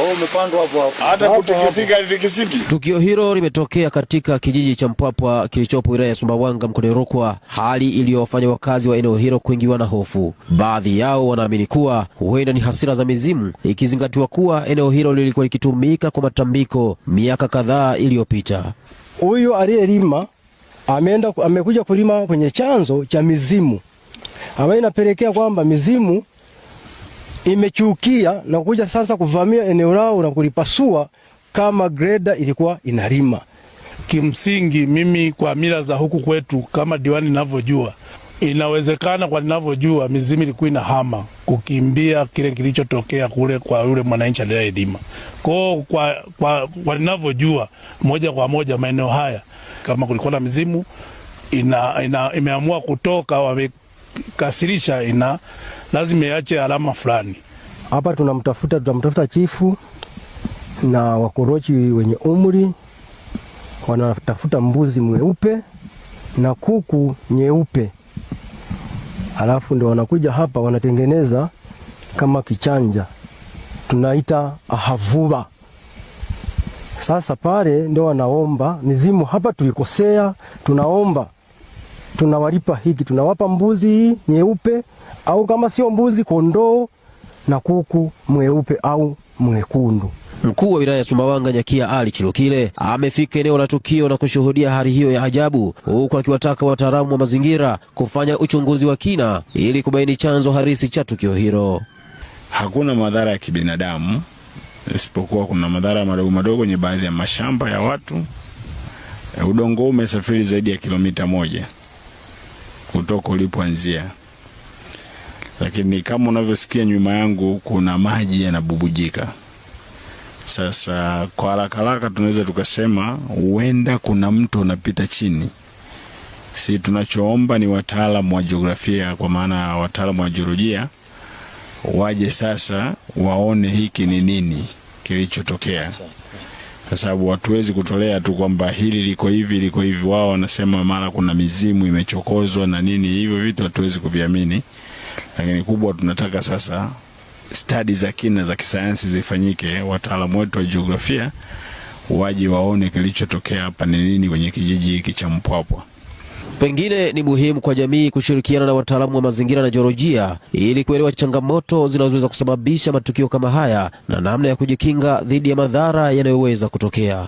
Oh, Tukio hilo limetokea katika kijiji cha Mpwapwa kilichopo wilaya ya Sumbawanga mkoani Rukwa, hali iliyowafanya wakazi wa eneo hilo kuingiwa na hofu. Baadhi yao wanaamini kuwa huenda ni hasira za mizimu, ikizingatiwa kuwa eneo hilo lilikuwa likitumika kwa matambiko miaka kadhaa iliyopita. Huyu aliyelima ameenda amekuja kulima kwenye chanzo cha mizimu ambayo inapelekea kwamba mizimu imechukia na kuja sasa kuvamia eneo lao na kulipasua kama greda ilikuwa inalima. Kimsingi mimi kwa mila za huku kwetu, kama diwani ninavyojua, inawezekana kwa ninavyojua, mizimu ilikuwa inahama kukimbia kile kilichotokea kule kwa yule mwananchi aliyelima Kwa Kwa, kwa, kwa ninavyojua moja kwa moja maeneo haya kama kulikuwa na mizimu ina, ina, imeamua kutoka wamekasirisha ina lazima iache alama fulani. Hapa tunamtafuta, tunamtafuta chifu na wakorochi wenye umri, wanatafuta mbuzi mweupe na kuku nyeupe, alafu ndio wanakuja hapa wanatengeneza kama kichanja tunaita ahavuba. Sasa pale ndio wanaomba mizimu, hapa tulikosea, tunaomba tunawalipa hiki, tunawapa mbuzi hii nyeupe, au kama sio mbuzi, kondoo na kuku mweupe au mwekundu. Mkuu wa wilaya ya Sumbawanga Nyakia Ali Chilukile amefika eneo la tukio na kushuhudia hali hiyo ya ajabu, huku akiwataka wataalamu wa mazingira kufanya uchunguzi wa kina ili kubaini chanzo halisi cha tukio hilo. Hakuna madhara ya kibinadamu isipokuwa kuna madhara madogo madogo kwenye baadhi ya mashamba ya watu. Eh, udongo umesafiri zaidi ya kilomita moja kutoka ulipoanzia. Lakini kama unavyosikia nyuma yangu kuna maji yanabubujika. Sasa kwa haraka haraka tunaweza tukasema huenda kuna mtu unapita chini. Si tunachoomba ni wataalamu wa jiografia, kwa maana wataalamu wa jiolojia waje sasa waone hiki ni nini kilichotokea kwa sababu hatuwezi kutolea tu kwamba hili liko hivi liko hivi. Wao wanasema mara kuna mizimu imechokozwa na nini, hivyo vitu hatuwezi kuviamini, lakini kubwa tunataka sasa stadi za kina za kisayansi zifanyike, wataalamu wetu wa jiografia waje waone kilichotokea hapa ni nini kwenye kijiji hiki cha Mpwapwa. Pengine ni muhimu kwa jamii kushirikiana na wataalamu wa mazingira na jiolojia ili kuelewa changamoto zinazoweza kusababisha matukio kama haya na namna ya kujikinga dhidi ya madhara yanayoweza kutokea.